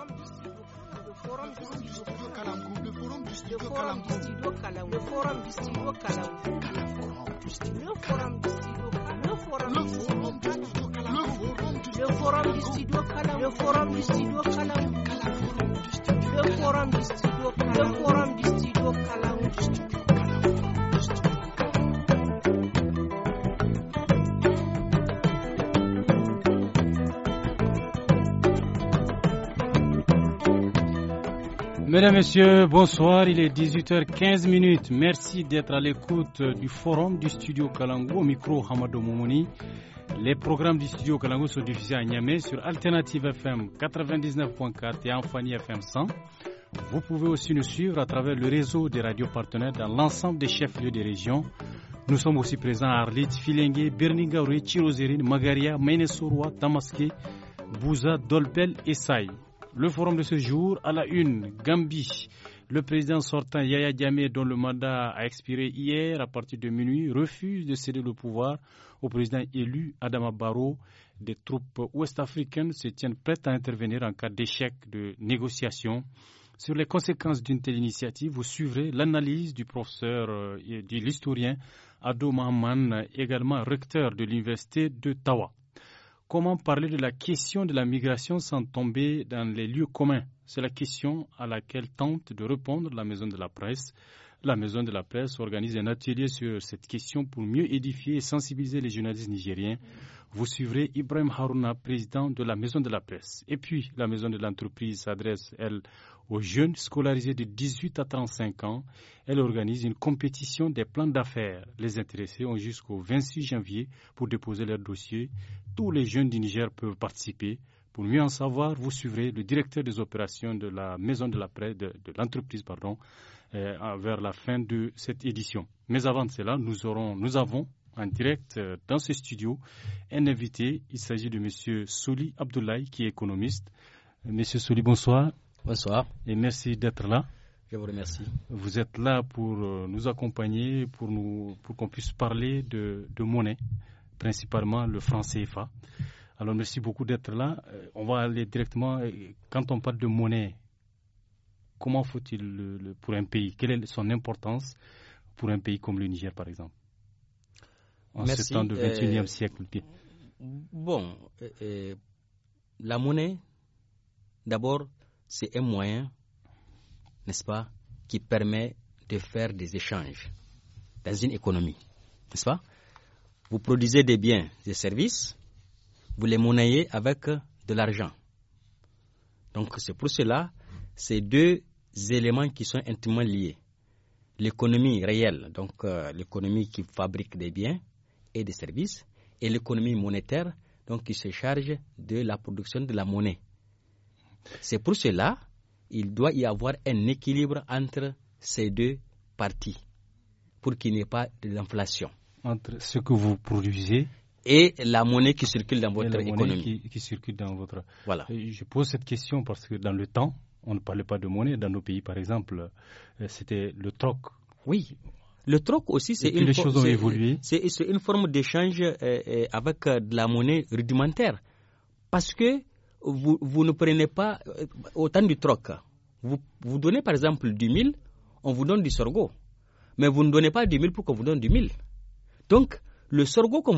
forum distribué le forum distribué le forum distribué le forum distribué le forum distribué le forum distribué le forum distribué le forum distribué le forum Mesdames, Messieurs, bonsoir. Il est 18h15. Merci d'être à l'écoute du forum du studio Kalango au micro Hamadou Moumouni. Les programmes du studio Kalango sont diffusés à Niamey sur Alternative FM 99.4 et Amphani FM 100. Vous pouvez aussi nous suivre à travers le réseau des radios partenaires dans l'ensemble des chefs-lieux des régions. Nous sommes aussi présents à Arlit, Filengue, Berningaoui, Chirozérine, Magaria, Menesoroa, Damaske, Bouza, Dolpel et Saï. Le forum de ce jour à la une, Gambie. Le président sortant Yaya Djamé, dont le mandat a expiré hier à partir de minuit, refuse de céder le pouvoir au président élu Adama Barrow. Des troupes ouest-africaines se tiennent prêtes à intervenir en cas d'échec de négociation. Sur les conséquences d'une telle initiative, vous suivrez l'analyse du professeur euh, et de l'historien Ado Mahaman, également recteur de l'université de Tawa comment parler de la question de la migration sans tomber dans les lieux communs C'est la question à laquelle tente de répondre la Maison de la Presse. La Maison de la Presse organise un atelier sur cette question pour mieux édifier et sensibiliser les journalistes nigériens. Vous suivrez Ibrahim Haruna, président de la Maison de la Presse. Et puis, la Maison de l'entreprise s'adresse, elle, aux jeunes scolarisés de 18 à 35 ans. Elle organise une compétition des plans d'affaires. Les intéressés ont jusqu'au 26 janvier pour déposer leur dossier. Tous les jeunes du Niger peuvent participer. Pour mieux en savoir, vous suivrez le directeur des opérations de la maison de la presse, de, l'entreprise, pardon, euh, vers la fin de cette édition. Mais avant cela, nous, avons en direct euh, dans ce studio un invité. Il s'agit de M. Souli Abdoulaye, qui est économiste. Euh, Monsieur Souli, bonsoir. Bonsoir. Et merci d'être là. Je vous remercie. Vous êtes là pour euh, nous accompagner, pour, nous, pour qu'on puisse parler de, monnaie, principalement le franc CFA. Alors merci beaucoup d'être là. Euh, on va aller directement, euh, quand on parle de monnaie, comment faut-il pour un pays Quelle est son importance pour un pays comme le Niger, par exemple En ce temps du XXIe siècle Bon, la monnaie, d'abord, c'est un moyen, n'est-ce pas, qui permet de faire des échanges dans une économie, n'est-ce pas Vous produisez des biens, des services, vous les monnayez avec de l'argent. Donc c'est pour cela, ces deux éléments qui sont intimement liés. L'économie réelle, donc euh, l'économie qui fabrique des biens et des services, et l'économie monétaire, donc qui se charge de la production de la monnaie. C'est pour cela qu'il doit y avoir un équilibre entre ces deux parties pour qu'il n'y ait pas de l'inflation. Entre ce que vous produisez et la monnaie qui circule dans votre économie. qui, circule dans votre. Voilà. Euh, je pose cette question parce que dans le temps, on ne parlait pas de monnaie. Dans nos pays, par exemple, euh, c'était le troc. Oui. Le troc aussi, c'est une, une, forme d'échange euh, avec de la monnaie rudimentaire. Parce que vous, vous, ne prenez pas euh, autant du troc. Vous, vous donnez par exemple 10 000, on vous donne du sorgho. Mais vous ne donnez pas 10 000 pour qu'on vous donne 10 000. Donc, le sorgho qu'on